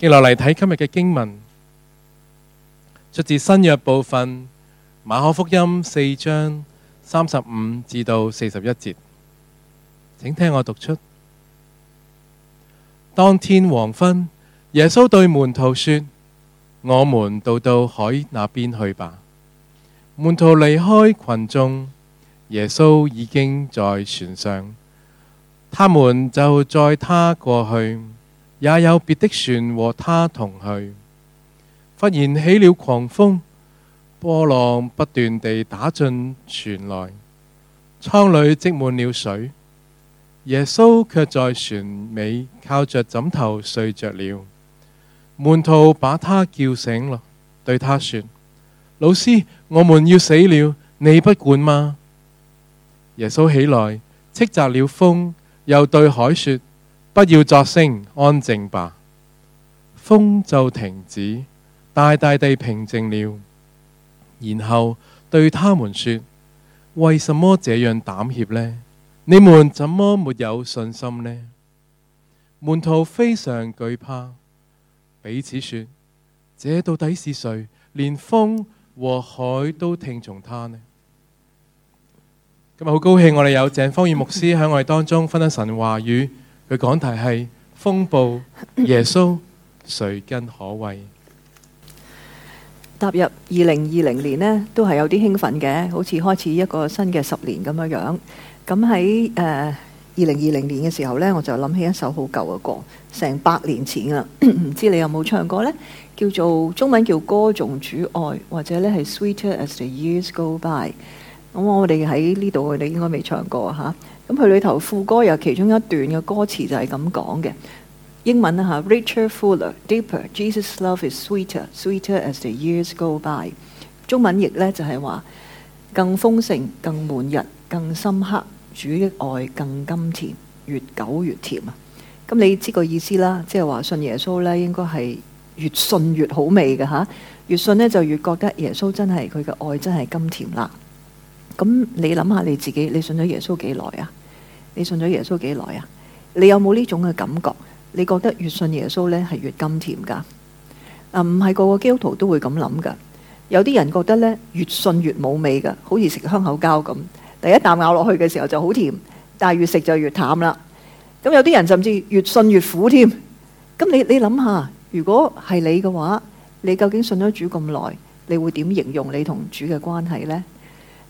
接落嚟睇今日嘅經文，出自新約部分馬可福音四章三十五至到四十一節，請聽我讀出。當天黃昏，耶穌對門徒說：我們渡到海那邊去吧。門徒離開群眾，耶穌已經在船上，他們就載他過去。也有別的船和他同去，忽然起了狂風，波浪不斷地打進船來，艙裏積滿了水。耶穌卻在船尾靠着枕頭睡着了。門徒把他叫醒了，對他說：老師，我們要死了，你不管嗎？耶穌起來，斥責了風，又對海說。不要作聲，安靜吧。風就停止，大大地平靜了。然後對他們說：為什麼這樣膽怯呢？你們怎麼沒有信心呢？門徒非常懼怕，彼此說：這到底是誰？連風和海都聽從他呢？今日好高興我哋有鄭方遠牧師喺我哋當中分享神話語。佢講題係風暴耶穌，誰更可畏？踏入二零二零年咧，都係有啲興奮嘅，好似開始一個新嘅十年咁樣樣。咁喺誒二零二零年嘅時候咧，我就諗起一首好舊嘅歌，成百年前啦，唔知你有冇唱過咧？叫做中文叫歌頌主愛，或者咧係 Sweeter As The Years Go By。咁我哋喺呢度，我哋應該未唱過嚇。咁佢裏頭副歌又其中一段嘅歌詞就係咁講嘅，英文啦吓、啊、，Richard Fuller，Deeper，Jesus’ love is sweeter，sweeter sweeter as the years go by。中文譯呢就係、是、話更豐盛、更滿人、更深刻，主的愛更甘甜，越久越甜啊！咁你知個意思啦，即係話信耶穌呢應該係越信越好味㗎。吓、啊，越信呢就越覺得耶穌真係佢嘅愛真係甘甜啦。咁你諗下你自己，你信咗耶穌幾耐啊？你信咗耶穌幾耐啊？你有冇呢種嘅感覺？你覺得越信耶穌呢係越甘甜噶？唔係個個基督徒都會咁諗噶。有啲人覺得呢，越信越冇味噶，好似食香口膠咁。第一啖咬落去嘅時候就好甜，但係越食就越淡啦。咁有啲人甚至越信越苦添。咁你你諗下，如果係你嘅話，你究竟信咗主咁耐，你會點形容你同主嘅關係呢？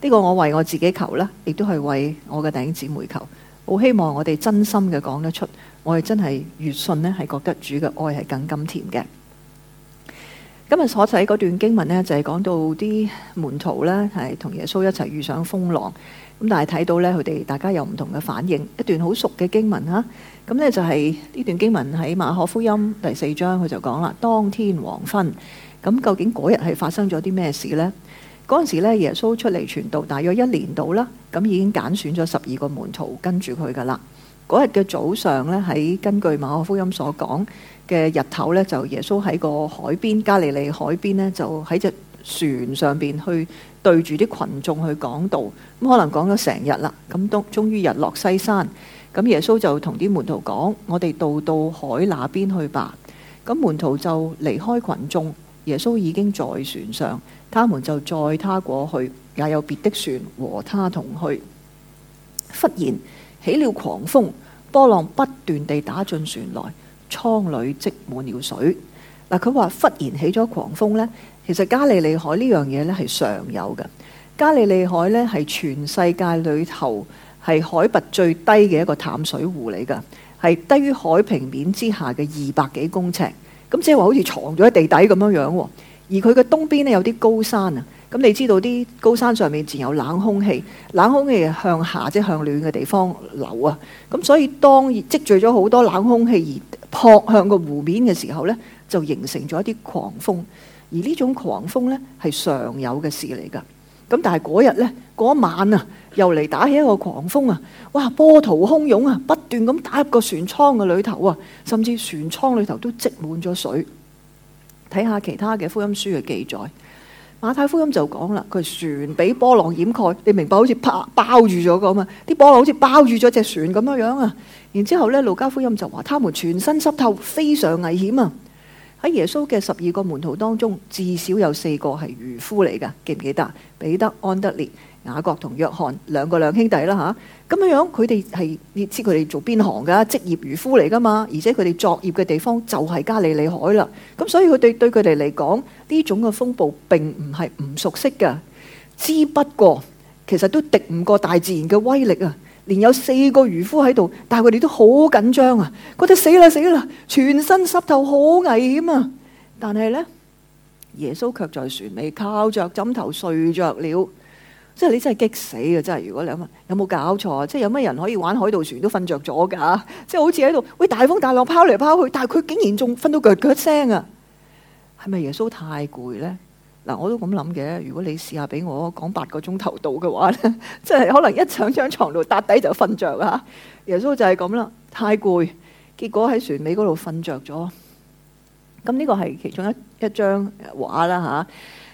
呢個我為我自己求啦，亦都係為我嘅弟兄姊妹求。好希望我哋真心嘅講得出，我哋真係越信呢，係覺得主嘅愛係更甘甜嘅。今日所睇嗰段經文呢，就係講到啲門徒呢，係同耶穌一齊遇上風浪，咁但係睇到呢，佢哋大家有唔同嘅反應。一段好熟嘅經文吓，咁呢就係呢段經文喺馬可福音第四章，佢就講啦，當天黃昏，咁究竟嗰日係發生咗啲咩事呢？嗰陣時咧，耶穌出嚟傳道大約一年度啦，咁已經揀選咗十二個門徒跟住佢噶啦。嗰日嘅早上咧，喺根據馬可福音所講嘅日頭咧，就耶穌喺個海邊，加利利海邊呢，就喺隻船上邊去對住啲群眾去講道。咁可能講咗成日啦，咁都終於日落西山。咁耶穌就同啲門徒講：我哋到到海那邊去吧。咁門徒就離開群眾，耶穌已經在船上，他們就載他過去，也有別的船和他同去。忽然起了狂風，波浪不斷地打進船內，倉裏積滿了水。嗱，佢話忽然起咗狂風呢，其實加利利海呢樣嘢呢係常有嘅。加利利海呢係全世界裏頭係海拔最低嘅一個淡水湖嚟㗎，係低於海平面之下嘅二百幾公尺。咁即係話好似藏咗喺地底咁樣樣，而佢嘅東邊呢，有啲高山啊。咁你知道啲高山上面自然有冷空氣，冷空氣向下即係向暖嘅地方流啊。咁所以當積聚咗好多冷空氣而撲向個湖面嘅時候呢，就形成咗一啲狂風。而呢種狂風呢，係常有嘅事嚟噶。咁但係嗰日呢，嗰一晚啊，又嚟打起一個狂風啊！哇，波濤洶湧啊，不斷咁打入個船艙嘅裏頭啊，甚至船艙裏頭都積滿咗水。睇下其他嘅福音書嘅記載，馬太福音就講啦，佢船俾波浪掩蓋，你明白好似啪包住咗咁啊，啲波浪好似包住咗隻船咁樣樣啊！然之後呢，路加福音就話，他們全身濕透，非常危險啊！喺耶穌嘅十二個門徒當中，至少有四個係漁夫嚟噶，記唔記得？彼得、安德烈、雅各同約翰兩個兩兄弟啦吓咁樣樣。佢哋係，你知佢哋做邊行噶職業漁夫嚟噶嘛？而且佢哋作業嘅地方就係加利利海啦。咁所以佢哋對佢哋嚟講呢種嘅風暴，並唔係唔熟悉嘅，之不過其實都敵唔過大自然嘅威力啊！連有四個漁夫喺度，但係佢哋都好緊張啊！覺得死啦死啦，全身濕透，好危險啊！但係呢，耶穌卻在船尾靠着枕頭睡着了。即係你真係激死啊！真係，如果你問有冇搞錯啊？即係有咩人可以玩海盜船都瞓着咗㗎？即係好似喺度，喂，大風大浪拋嚟拋去，但係佢竟然仲瞓到腳腳聲啊！係咪耶穌太攰呢？嗱、啊，我都咁諗嘅。如果你試下俾我講八個鐘頭到嘅話咧，即係可能一上張床度搭底就瞓著啦。耶穌就係咁啦，太攰，結果喺船尾嗰度瞓著咗。咁、嗯、呢、呢個係其中一一張畫啦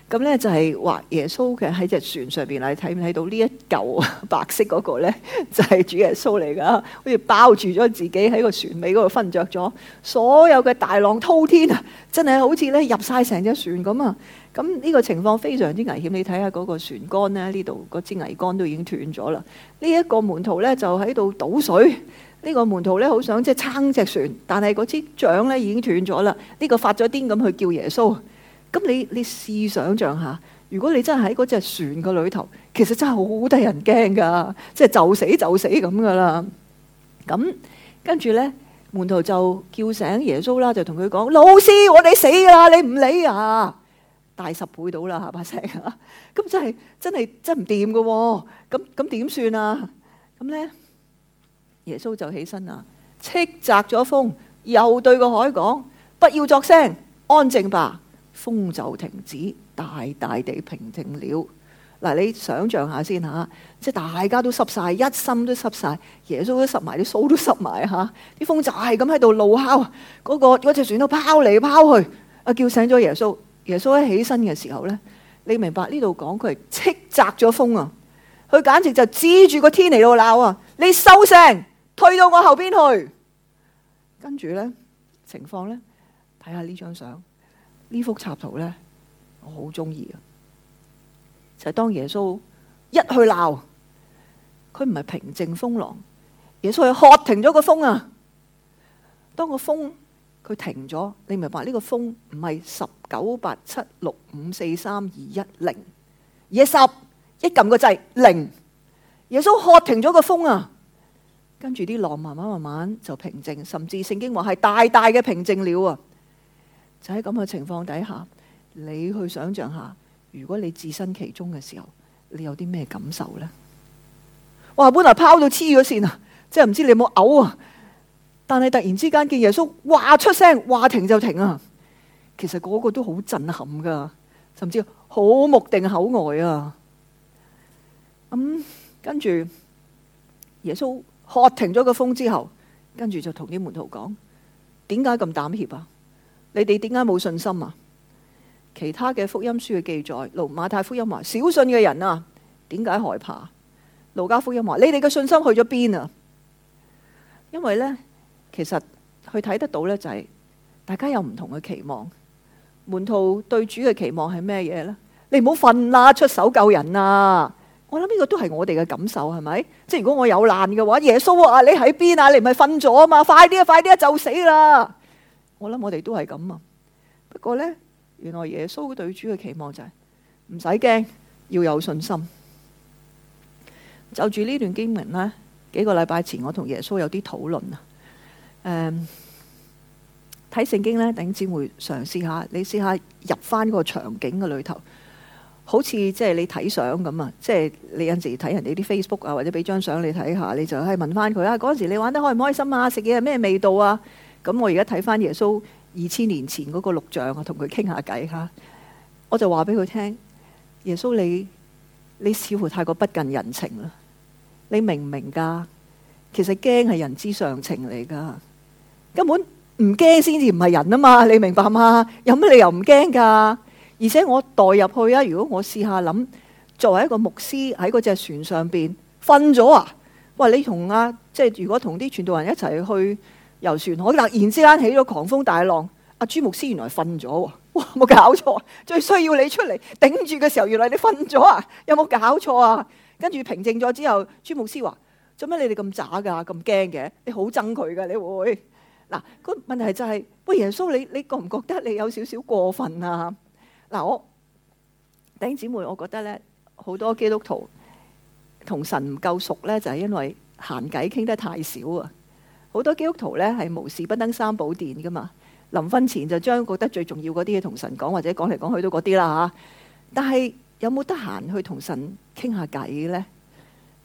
吓，咁、啊、呢、嗯、就係、是、畫耶穌嘅喺隻船上邊。你睇唔睇到呢一？舊白色嗰個咧，就係、是、主耶穌嚟㗎，好似包住咗自己喺個船尾嗰度瞓着咗。所有嘅大浪滔天啊，真係好似呢入晒成隻船咁啊！咁呢個情況非常之危險。你睇下嗰個船竿呢，呢度嗰支桅杆都已經斷咗啦。呢、這、一個門徒呢，就喺度倒水。呢、這個門徒呢，好想即係撐隻船，但係嗰支槳呢已經斷咗啦。呢、這個發咗癲咁去叫耶穌。咁你你試想像下。如果你真係喺嗰隻船個裏頭，其實真係好得人驚噶，即係就死就死咁噶啦。咁跟住咧，門徒就叫醒耶穌啦，就同佢講：老師，我哋死啦，你唔理啊！大十倍到啦，係咪先啊？咁真係真係真唔掂噶，咁咁點算啊？咁咧，耶穌就起身啦，斥責咗風，又對個海講：不要作聲，安靜吧，風就停止。大大地平靜了嗱，你想象下先吓，即係大家都濕晒，一身都濕晒，耶穌都濕埋，啲梳都濕埋吓，啲、啊、風就係咁喺度怒敲嗰、嗰個嗰隻、嗰個、船都拋嚟拋去。啊叫醒咗耶穌，耶穌一起身嘅時候呢，你明白呢度講佢係斥責咗風啊？佢簡直就指住個天嚟到鬧啊！你收聲，退到我後邊去。跟住呢情況呢，睇下呢張相呢幅插圖呢。我好中意啊！就係當耶穌一去鬧，佢唔係平靜風浪，耶穌去喝停咗個風啊！當個風佢停咗，你明白呢個風唔係十九八七六五四三二一零，耶穌一撳個掣，零，耶穌喝停咗個風啊！跟住啲浪慢慢慢慢就平靜，甚至聖經話係大大嘅平靜了啊！就喺咁嘅情況底下。你去想象下，如果你置身其中嘅時候，你有啲咩感受呢？哇！本來拋到黐咗線啊，即係唔知你有冇嘔啊。但係突然之間見耶穌話出聲，話停就停啊。其實嗰個都好震撼噶，甚至好目定口呆啊。咁跟住耶穌喝停咗個風之後，着跟住就同啲門徒講：點解咁膽怯啊？你哋點解冇信心啊？其他嘅福音書嘅記載，路馬太福音話：小信嘅人啊，點解害怕？路加福音話：你哋嘅信心去咗邊啊？因為呢，其實佢睇得到呢，就是，就係大家有唔同嘅期望。門徒對主嘅期望係咩嘢呢？你唔好瞓啦，出手救人啊！我諗呢個都係我哋嘅感受，係咪？即係如果我有難嘅話，耶穌話你喺邊啊？你唔係瞓咗啊嘛？快啲啊！快啲啊！就死啦！我諗我哋都係咁啊。不過呢。原來耶穌對主嘅期望就係唔使驚，要有信心。就住呢段經文啦，幾個禮拜前我同耶穌有啲討論啊。誒、嗯，睇聖經呢，等陣先會嘗試下，你試下入翻個場景嘅裏頭，好似即係你睇相咁啊！即係你有陣時睇人哋啲 Facebook 啊，或者俾張相你睇下，你就係問翻佢啊。嗰陣時你玩得開唔開心啊？食嘢係咩味道啊？咁我而家睇翻耶穌。二千年前嗰個錄像啊，我同佢傾下偈哈，我就話俾佢聽，耶穌你你似乎太過不近人情啦，你明唔明噶？其實驚係人之常情嚟噶，根本唔驚先至唔係人啊嘛，你明白嘛？有乜理由唔驚噶？而且我代入去啊，如果我試下諗，作為一個牧師喺嗰隻船上邊瞓咗啊，喂，你同阿即係如果同啲傳道人一齊去。遊船好，嗱，突然之間起咗狂風大浪。阿朱牧師原來瞓咗喎，哇！冇搞錯，最需要你出嚟頂住嘅時候，原來你瞓咗啊？有冇搞錯啊？跟住平靜咗之後，朱牧師話：做咩你哋咁渣噶？咁驚嘅？你好憎佢噶？你會嗱？個問題就係、是、喂耶穌，你你覺唔覺得你有少少過分啊？嗱，我弟兄姊妹，我覺得咧，好多基督徒同神唔夠熟咧，就係、是、因為閒偈傾得太少啊。好多基督徒咧係無事不登三寶殿噶嘛。臨婚前就將覺得最重要嗰啲嘢同神講，或者講嚟講去都嗰啲啦嚇。但係有冇得閒去同神傾下偈咧？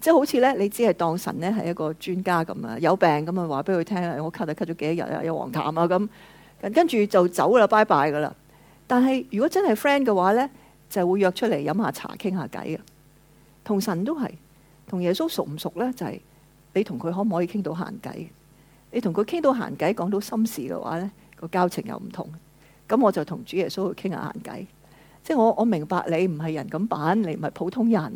即係好似咧，你只係當神咧係一個專家咁啊。有病咁啊，話俾佢聽啊，我咳就咳咗幾多日啊，有黃痰啊咁。跟住就走啦，拜拜噶啦。但係如果真係 friend 嘅話咧，就會約出嚟飲下茶傾下偈嘅。同神都係同耶穌熟唔熟咧？就係你同佢可唔可以傾到閒偈？你同佢傾到閒偈，講到心事嘅話，呢個交情又唔同。咁我就同主耶穌去傾下閒偈，即係我我明白你唔係人咁板，你唔係普通人，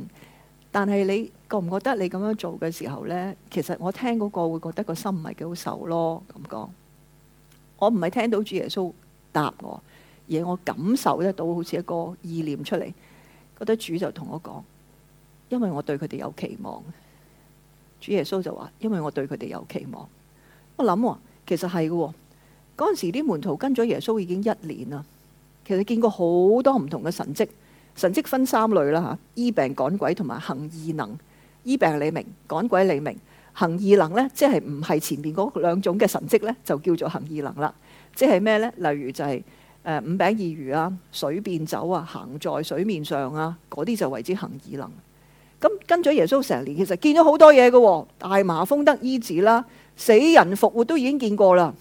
但係你覺唔覺得你咁樣做嘅時候呢？其實我聽嗰個會覺得個心唔係幾好受咯。咁講，我唔係聽到主耶穌答我，而我感受得到好似一個意念出嚟，覺得主就同我講，因為我對佢哋有期望。主耶穌就話，因為我對佢哋有期望。我諗其實係嘅嗰陣時，啲門徒跟咗耶穌已經一年啦。其實見過好多唔同嘅神跡，神跡分三類啦吓：醫病、趕鬼同埋行異能。醫病你明，趕鬼你明，行異能呢，即係唔係前邊嗰兩種嘅神跡呢，就叫做行異能啦。即係咩呢？例如就係、是、誒五餅二魚啊，水變酒啊，行在水面上啊，嗰啲就為之行異能。咁跟咗耶穌成年，其實見咗好多嘢，嘅大麻風得醫治啦。死人復活都已經見過啦，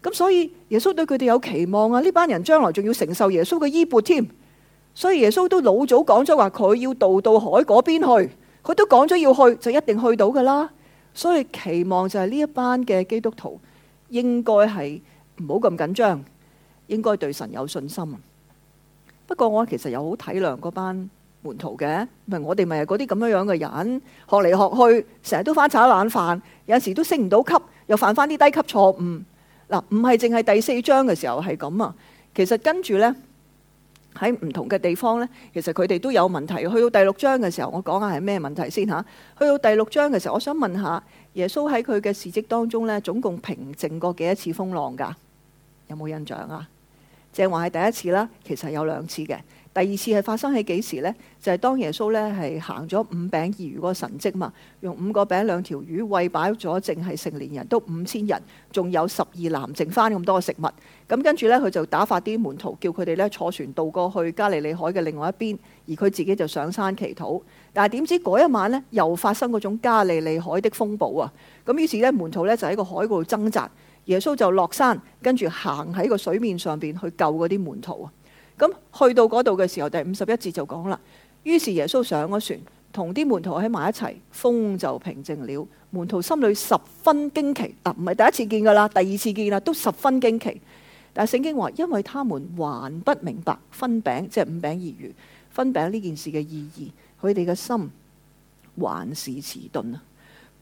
咁所以耶穌對佢哋有期望啊。呢班人將來仲要承受耶穌嘅衣鉢添，所以耶穌都老早講咗話，佢要渡到海嗰邊去，佢都講咗要去，就一定去到㗎啦。所以期望就係呢一班嘅基督徒應該係唔好咁緊張，應該對神有信心。不過我其實又好體諒嗰班。門徒嘅，唔係我哋，咪係嗰啲咁樣樣嘅人，學嚟學去，成日都翻炒冷飯，有時都升唔到級，又犯翻啲低級錯誤。嗱，唔係淨係第四章嘅時候係咁啊，其實跟住呢，喺唔同嘅地方呢，其實佢哋都有問題。去到第六章嘅時候，我講下係咩問題先吓。去到第六章嘅時候，我想問下，耶穌喺佢嘅事蹟當中呢，總共平靜過幾多次風浪噶？有冇印象啊？正話係第一次啦，其實有兩次嘅。第二次係發生喺幾時呢？就係、是、當耶穌呢係行咗五餅二魚嗰個神蹟嘛，用五個餅兩條魚餵飽咗，淨係成年人都五千人，仲有十二籃剩翻咁多嘅食物。咁、嗯、跟住呢，佢就打發啲門徒叫佢哋呢坐船渡過去加利利海嘅另外一邊，而佢自己就上山祈禱。但係點知嗰一晚呢，又發生嗰種加利利海的風暴啊！咁、嗯、於是呢，門徒呢就喺個海度掙扎，耶穌就落山跟住行喺個水面上邊去救嗰啲門徒啊。咁去到嗰度嘅時候，第五十一節就講啦。於是耶穌上咗船，同啲門徒喺埋一齊，風就平靜了。門徒心裏十分驚奇，啊，唔係第一次見㗎啦，第二次見啦，都十分驚奇。但係聖經話，因為他們還不明白分餅，即係五餅二魚分餅呢件事嘅意義，佢哋嘅心還是遲鈍啊。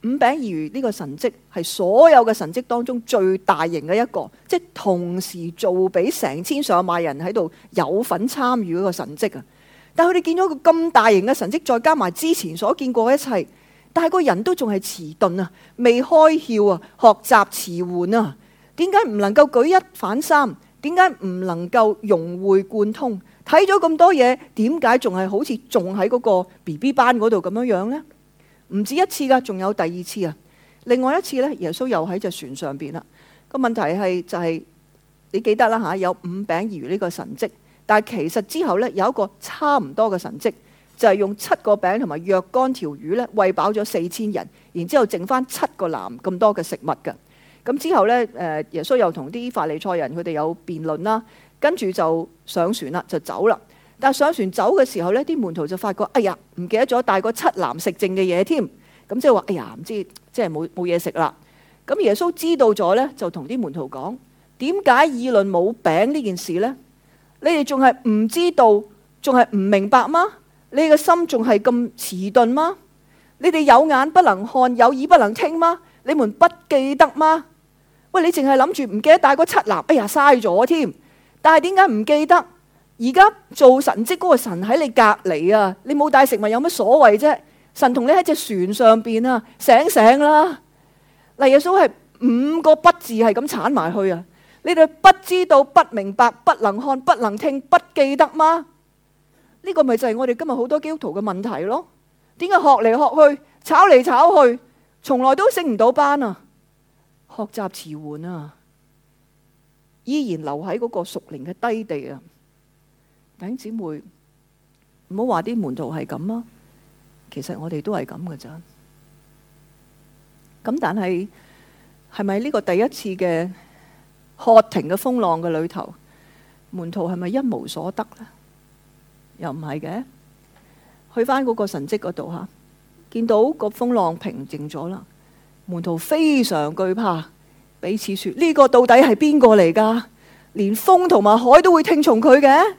五餅二魚呢個神跡係所有嘅神跡當中最大型嘅一個，即係同時做俾成千上萬人喺度有份參與嗰個神跡啊！但係佢哋見到個咁大型嘅神跡，再加埋之前所見過嘅一切，但係個人都仲係遲鈍啊，未開竅啊，學習遲緩啊，點解唔能夠舉一反三？點解唔能夠融會貫通？睇咗咁多嘢，點解仲係好似仲喺嗰個 BB 班嗰度咁樣樣呢？唔止一次㗎，仲有第二次啊！另外一次呢，耶穌又喺隻船上邊啦。個問題係就係你記得啦吓，有五餅魚呢個神蹟，但係其實之後呢，有一個差唔多嘅神蹟，就係用七個餅同埋若干條魚呢，餵飽咗四千人，然之後剩翻七個籃咁多嘅食物嘅。咁之後呢，誒耶穌又同啲法利賽人佢哋有辯論啦，跟住就上船啦，就走啦。但上船走嘅時候呢，啲門徒就發覺，哎呀，唔記得咗帶個七籃食剩嘅嘢添，咁即係話，哎呀，唔知即係冇冇嘢食啦。咁耶穌知道咗呢，就同啲門徒講：點解議論冇餅呢件事呢？你哋仲係唔知道，仲係唔明白嗎？你個心仲係咁遲鈍嗎？你哋有眼不能看，有耳不能聽嗎？你們不記得嗎？喂，你淨係諗住唔記得帶個七籃，哎呀，嘥咗添。但係點解唔記得？而家做神蹟嗰個神喺你隔離啊！你冇帶食物有乜所謂啫？神同你喺隻船上邊啊，醒醒啦！嗱，耶穌係五個不字係咁鏟埋去啊！你哋不知道、不明白、不能看、不能聽、不記得嗎？呢個咪就係我哋今日好多基督徒嘅問題咯。點解學嚟學去、炒嚟炒去，從來都升唔到班啊？學習遲緩啊，依然留喺嗰個屬靈嘅低地啊！弟兄姊妹，唔好話啲門徒係咁啊，其實我哋都係咁噶。咋咁？但係係咪呢個第一次嘅喝停嘅風浪嘅裏頭，門徒係咪一無所得呢？又唔係嘅，去翻嗰個神跡嗰度吓，見到個風浪平靜咗啦，門徒非常懼怕，彼此說呢、這個到底係邊個嚟？噶連風同埋海都會聽從佢嘅。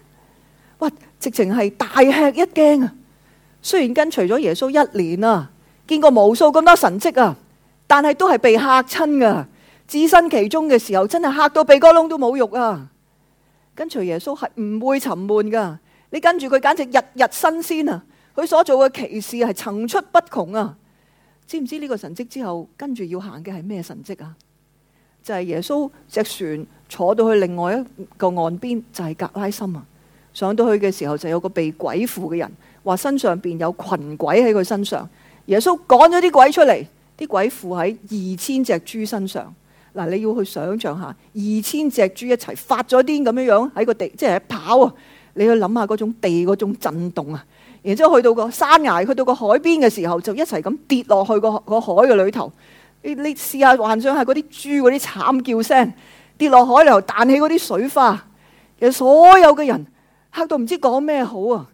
哇！直情係大吃一驚啊！雖然跟隨咗耶穌一年啊，見過無數咁多神蹟啊，但係都係被吓親噶。置身其中嘅時候，真係吓到鼻哥窿都冇肉啊！跟隨耶穌係唔會沉悶噶，你跟住佢簡直日日新鮮啊！佢所做嘅奇事係層出不窮啊！知唔知呢個神蹟之後跟住要行嘅係咩神蹟啊？就係耶穌隻船坐到去另外一個岸邊，就係格拉森啊！上到去嘅時候，就有個被鬼附嘅人話身上邊有群鬼喺佢身上。耶穌趕咗啲鬼出嚟，啲鬼附喺二千隻豬身上。嗱，你要去想象一下二千隻豬一齊發咗癲咁樣樣喺個地，即係跑啊！你去諗下嗰種地嗰種震動啊。然之後去到個山崖，去到個海邊嘅時候，就一齊咁跌落去個個海嘅裏頭。你你試下幻想下嗰啲豬嗰啲慘叫聲跌落海裏頭彈起嗰啲水花，其實所有嘅人。嚇到唔知講咩好啊！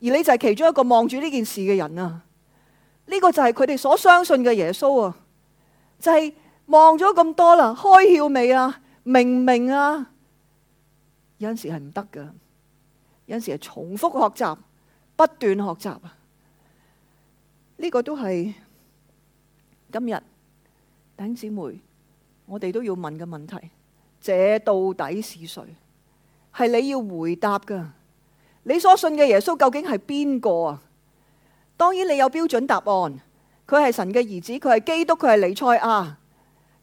而你就係其中一個望住呢件事嘅人啊！呢個就係佢哋所相信嘅耶穌啊！就係望咗咁多啦，開竅未啊？明唔明啊？有陣時係唔得噶，有陣時係重複學習，不斷學習啊！呢個都係今日弟兄姊妹，我哋都要問嘅問題：這到底是誰？係你要回答噶？你所信嘅耶穌究竟係邊個啊？當然你有標準答案，佢係神嘅兒子，佢係基督，佢係彌賽亞，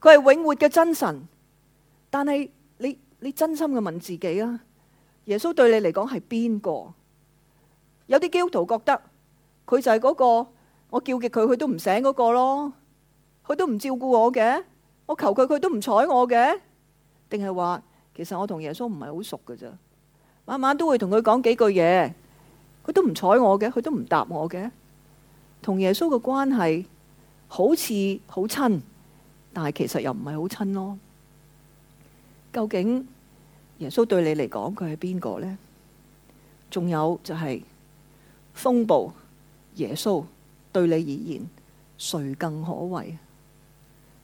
佢係永活嘅真神。但係你你真心噉問自己啊，耶穌對你嚟講係邊個？有啲基督徒覺得佢就係嗰個我叫極佢，佢都唔醒嗰個咯，佢都唔照顧我嘅，我求佢佢都唔睬我嘅，定係話其實我同耶穌唔係好熟嘅咋。」晚晚都會同佢講幾句嘢，佢都唔睬我嘅，佢都唔答我嘅。同耶穌嘅關係好似好親，但係其實又唔係好親咯。究竟耶穌對你嚟講佢係邊個呢？仲有就係風暴，耶穌對你而言誰更可畏？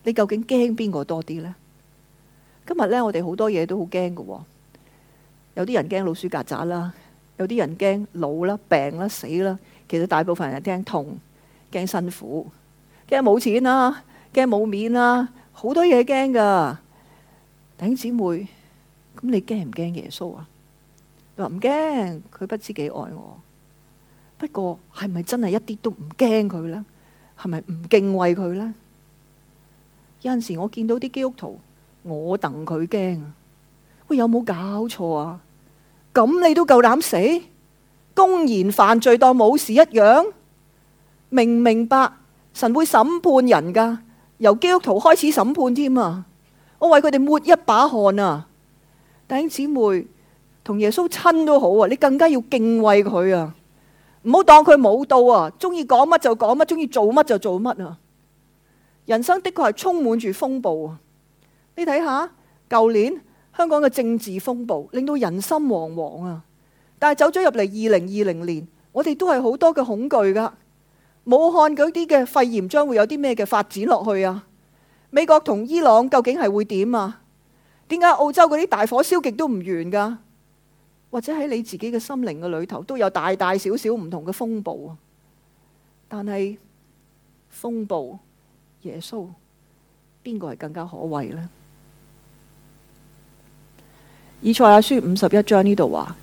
你究竟驚邊個多啲呢？今日呢，我哋好多嘢都好驚嘅。有啲人驚老鼠、曱甴啦，有啲人驚老啦、病啦、死啦。其實大部分人係驚痛、驚辛苦、驚冇錢啦、驚冇面啦，好多嘢驚噶。弟兄姊妹，咁你驚唔驚耶穌啊？話唔驚，佢不知幾愛我。不過係咪真係一啲都唔驚佢咧？係咪唔敬畏佢咧？有陣時我見到啲基督徒，我戥佢驚啊。喂，有冇搞錯啊？咁你都夠膽死，公然犯罪當冇事一樣，明唔明白？神會審判人㗎，由基督徒開始審判添啊！我為佢哋抹一把汗啊！弟兄姊妹，同耶穌親都好啊，你更加要敬畏佢啊！唔好當佢冇到啊，中意講乜就講乜，中意做乜就做乜啊！人生的確係充滿住風暴啊！你睇下舊年。香港嘅政治風暴令到人心惶惶啊！但係走咗入嚟二零二零年，我哋都係好多嘅恐懼噶。武漢嗰啲嘅肺炎將會有啲咩嘅發展落去啊？美國同伊朗究竟係會點啊？點解澳洲嗰啲大火燒極都唔完噶？或者喺你自己嘅心靈嘅裏頭都有大大小小唔同嘅風暴啊！但係風暴，耶穌，邊個係更加可畏呢？以賽亞書五十一章呢度話：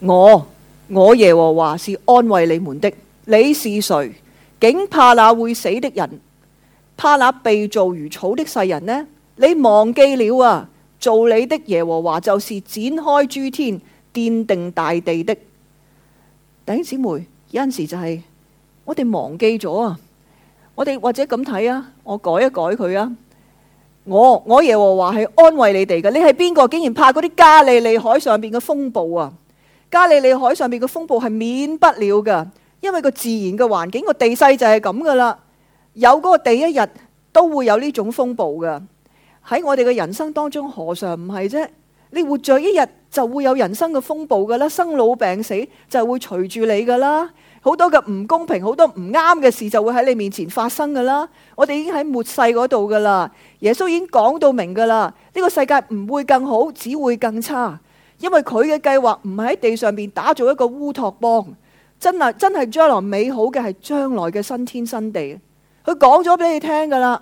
我我耶和華是安慰你們的。你是誰？竟怕那會死的人，怕那被造如草的世人呢？你忘記了啊！造你的耶和華就是展開諸天、奠定大地的。弟兄姊妹，有陣時就係、是、我哋忘記咗啊！我哋或者咁睇啊，我改一改佢啊。我我耶和華係安慰你哋嘅，你係邊個竟然怕嗰啲加利利海上邊嘅風暴啊？加利利海上邊嘅風暴係免不了噶，因為個自然嘅環境個地勢就係咁噶啦，有嗰個第一日都會有呢種風暴噶。喺我哋嘅人生當中，何嘗唔係啫？你活著一日就會有人生嘅風暴噶啦，生老病死就會隨住你噶啦。好多嘅唔公平，好多唔啱嘅事，就會喺你面前發生噶啦。我哋已經喺末世嗰度噶啦。耶穌已經講到明噶啦，呢個世界唔會更好，只會更差。因為佢嘅計劃唔係喺地上邊打造一個烏托邦，真係真係將來美好嘅係將來嘅新天新地。佢講咗俾你聽噶啦，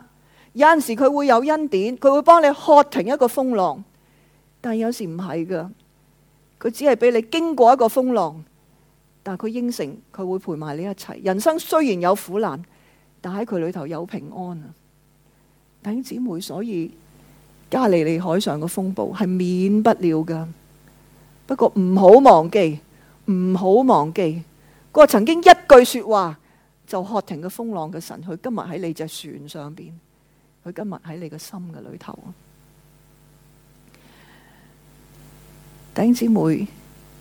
有陣時佢會有恩典，佢會幫你喝停一個風浪，但有時唔係噶，佢只係俾你經過一個風浪。但係佢應承佢會陪埋你一齊。人生雖然有苦難，但喺佢裏頭有平安啊！弟兄姊妹，所以加利利海上嘅風暴係免不了噶。不過唔好忘記，唔好忘記嗰個曾經一句說話就喝停嗰個風浪嘅神，佢今日喺你隻船上邊，佢今日喺你個心嘅裏頭啊！弟兄姊妹，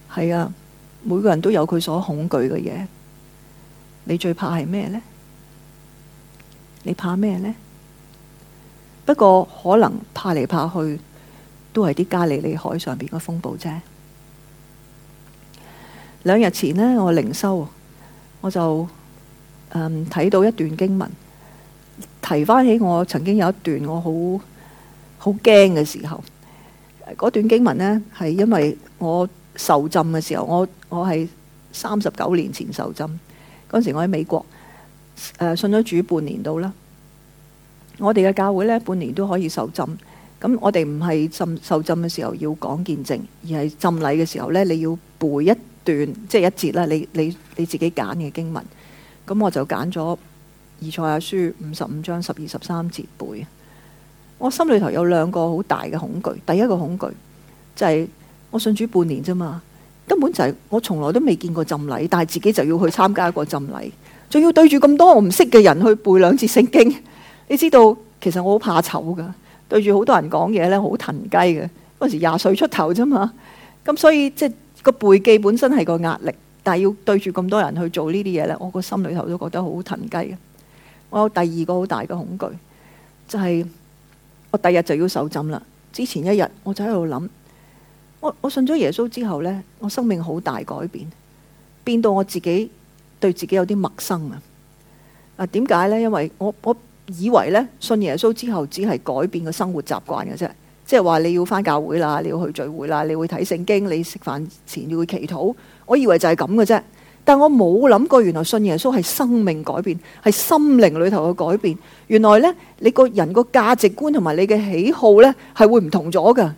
係啊。每個人都有佢所恐懼嘅嘢，你最怕係咩呢？你怕咩呢？不過可能怕嚟怕去，都係啲加利利海上邊嘅風暴啫。兩日前呢，我靈修，我就嗯、睇到一段經文，提翻起我曾經有一段我好好驚嘅時候。嗰段經文呢，係因為我受浸嘅時候，我我係三十九年前受浸，嗰時我喺美國，誒、呃、信咗主半年度啦。我哋嘅教會呢，半年都可以受浸，咁我哋唔係浸受浸嘅時候要講見證，而係浸禮嘅時候呢，你要背一段即係一節啦，你你你自己揀嘅經文。咁我就揀咗《以賽亞書》五十五章十二十三節背。我心裏頭有兩個好大嘅恐懼，第一個恐懼就係、是。我信主半年啫嘛，根本就係我從來都未見過浸禮，但係自己就要去參加一個浸禮，仲要對住咁多我唔識嘅人去背兩節聖經。你知道，其實我好怕醜噶對住好多人講嘢呢，好騰雞嘅。嗰時廿歲出頭啫嘛，咁所以即係個背記本身係個壓力，但係要對住咁多人去做呢啲嘢呢，我個心裏頭都覺得好騰雞。我有第二個好大嘅恐懼，就係我第日就要受浸啦。之前一日，我就喺度諗。我信咗耶穌之後呢，我生命好大改變，變到我自己對自己有啲陌生啊！點解呢？因為我我以為呢，信耶穌之後只係改變個生活習慣嘅啫，即係話你要翻教會啦，你要去聚會啦，你會睇聖經，你食飯前要祈禱，我以為就係咁嘅啫。但我冇諗過，原來信耶穌係生命改變，係心靈裏頭嘅改變。原來呢，你個人個價值觀同埋你嘅喜好呢，係會唔同咗噶。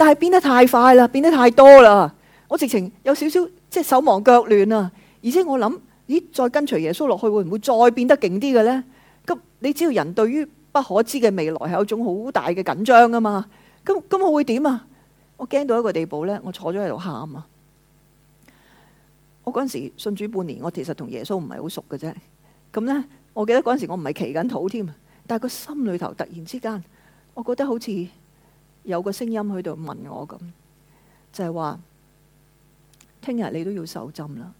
但係變得太快啦，變得太多啦，我直情有少少即係手忙腳亂啊！而且我諗，咦，再跟隨耶穌落去會唔會再變得勁啲嘅呢？咁你知道人對於不可知嘅未來係有一種好大嘅緊張噶嘛？咁咁我會點啊？我驚到一個地步呢，我坐咗喺度喊啊！我嗰陣時信主半年，我其實同耶穌唔係好熟嘅啫。咁呢，我記得嗰陣時我唔係祈緊禱添，但係個心裏頭突然之間，我覺得好似。有個聲音喺度問我咁，就係話：聽日你都要受浸啦，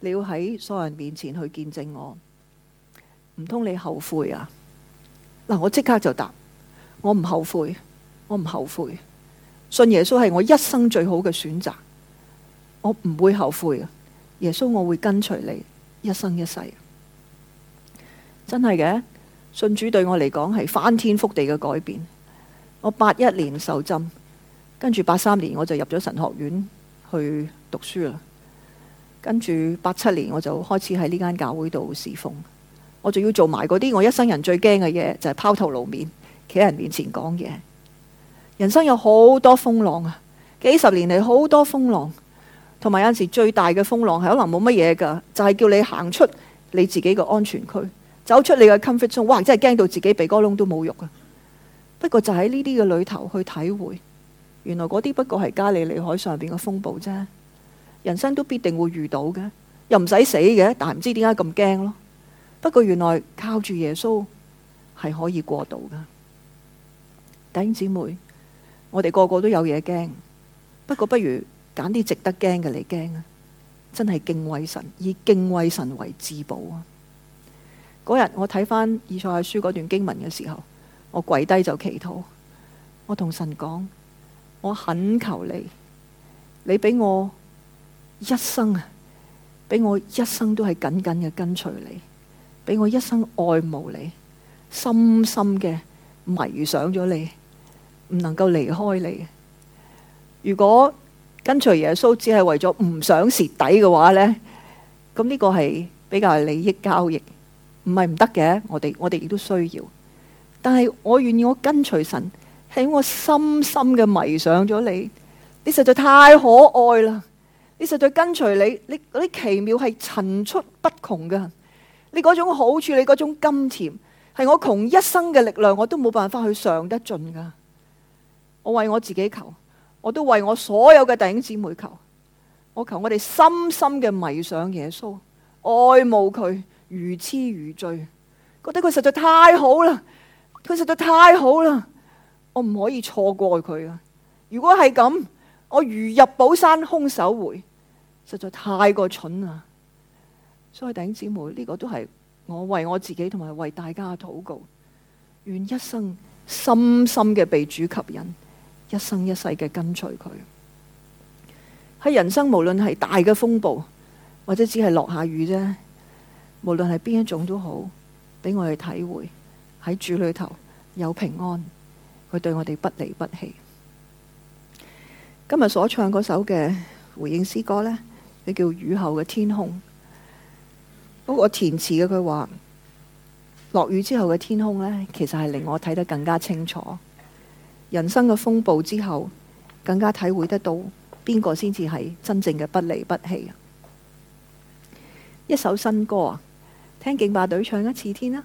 你要喺所有人面前去見證我，唔通你後悔啊？嗱，我即刻就答：我唔後悔，我唔後悔。信耶穌係我一生最好嘅選擇，我唔會後悔嘅。耶穌，我會跟隨你一生一世。真係嘅，信主對我嚟講係翻天覆地嘅改變。我八一年受浸，跟住八三年我就入咗神學院去讀書啦。跟住八七年我就開始喺呢間教會度侍奉，我仲要做埋嗰啲我一生人最驚嘅嘢，就係拋頭露面，企喺人面前講嘢。人生有好多風浪啊，幾十年嚟，好多風浪，同埋有陣時最大嘅風浪係可能冇乜嘢噶，就係叫你行出你自己個安全區，走出你嘅 comfort zone，哇！真係驚到自己鼻哥窿都冇肉啊～不過就喺呢啲嘅裏頭去體會，原來嗰啲不過係加利利海上邊嘅風暴啫。人生都必定會遇到嘅，又唔使死嘅，但係唔知點解咁驚咯。不過原來靠住耶穌係可以過渡噶。弟兄姊妹，我哋個個都有嘢驚，不過不如揀啲值得驚嘅嚟驚啊！真係敬畏神，以敬畏神為至寶啊！嗰日我睇翻以賽亞書嗰段經文嘅時候。我跪低就祈禱，我同神講，我懇求你，你俾我一生啊，俾我一生都係緊緊嘅跟隨你，俾我一生愛慕你，深深嘅迷上咗你，唔能夠離開你。如果跟隨耶穌只係為咗唔想蝕底嘅話呢，咁呢個係比較係利益交易，唔係唔得嘅。我哋我哋亦都需要。但係，我願意我跟隨神，喺我深深嘅迷上咗你。你實在太可愛啦！你實在跟隨你，你嗰啲奇妙係層出不窮噶。你嗰種好處，你嗰種甘甜，係我窮一生嘅力量，我都冇辦法去嘗得盡噶。我為我自己求，我都為我所有嘅弟兄姊妹求。我求我哋深深嘅迷上耶穌，愛慕佢，如痴如醉，覺得佢實在太好啦。佢實在太好啦，我唔可以錯過佢噶。如果係咁，我如入寶山空手回，實在太過蠢啦。所以弟兄姊妹，呢個都係我為我自己同埋為大家禱告，願一生深深嘅被主吸引，一生一世嘅跟隨佢。喺人生，無論係大嘅風暴，或者只係落下雨啫，無論係邊一種都好，俾我哋體會。喺主裏頭有平安，佢對我哋不離不棄。今日所唱嗰首嘅回應詩歌呢，佢叫雨後嘅天空。嗰個填詞嘅佢話：落雨之後嘅天空呢，其實係令我睇得更加清楚。人生嘅風暴之後，更加體會得到邊個先至係真正嘅不離不棄。一首新歌啊，聽勁霸隊唱一次天啦。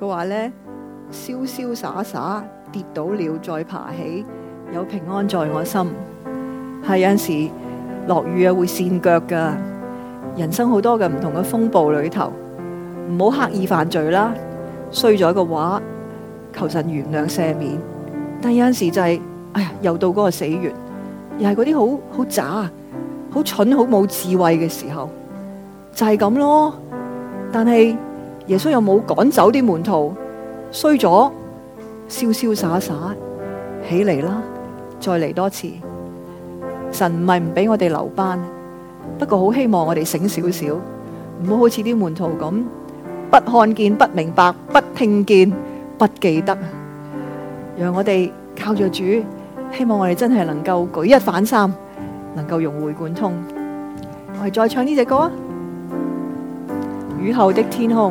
佢話咧，瀟瀟灑灑跌倒了再爬起，有平安在我心。係有陣時落雨啊會跣腳噶，人生好多嘅唔同嘅風暴裏頭，唔好刻意犯罪啦。衰咗嘅話，求神原諒赦免。但係有陣時就係、是，哎呀又到嗰個死穴，又係嗰啲好好渣好蠢好冇智慧嘅時候，就係、是、咁咯。但係。耶穌有冇趕走啲門徒？衰咗，瀟瀟灑灑起嚟啦，再嚟多次。神唔係唔俾我哋留班，不過好希望我哋醒少少，唔好好似啲門徒咁，不看見、不明白、不聽見、不記得。讓我哋靠住主，希望我哋真係能夠舉一反三，能夠融會貫通。我哋再唱呢隻歌啊，《雨後的天空》。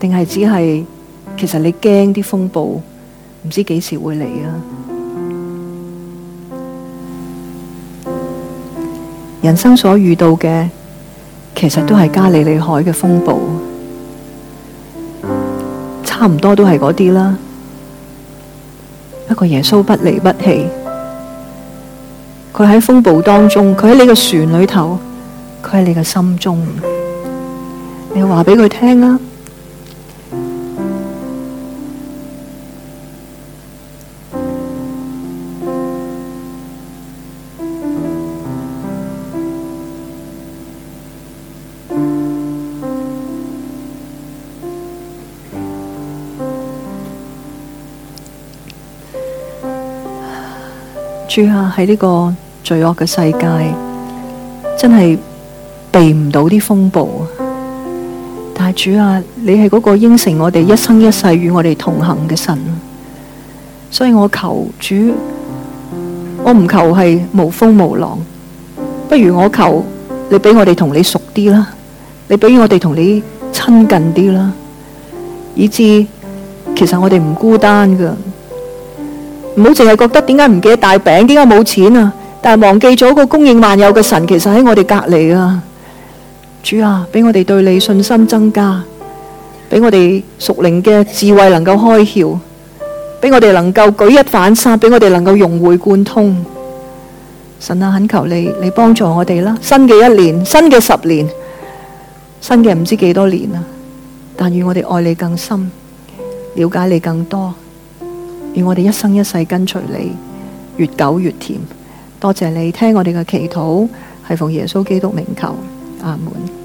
定係只係，其實你驚啲風暴唔知幾時會嚟啊！人生所遇到嘅，其實都係加利利海嘅風暴，差唔多都係嗰啲啦。不過耶穌不離不棄，佢喺風暴當中，佢喺你嘅船裏頭，佢喺你嘅心中。你話俾佢聽啦。主啊，喺呢個罪惡嘅世界，真係避唔到啲風暴啊！但係主啊，你係嗰個應承我哋一生一世與我哋同行嘅神，所以我求主，我唔求係無風無浪，不如我求你俾我哋同你熟啲啦，你俾我哋同你親近啲啦，以至其實我哋唔孤單噶。唔好淨係覺得點解唔記得帶餅，點解冇錢啊！但係忘記咗個供應萬有嘅神，其實喺我哋隔籬啊！主啊，俾我哋對你信心增加，俾我哋屬靈嘅智慧能夠開竅，俾我哋能夠舉一反三，俾我哋能夠融會貫通。神啊，懇求你，你幫助我哋啦！新嘅一年，新嘅十年，新嘅唔知幾多年啊！但願我哋愛你更深，了解你更多。願我哋一生一世跟隨你，越久越甜。多謝你聽我哋嘅祈禱，係奉耶穌基督名求。阿門。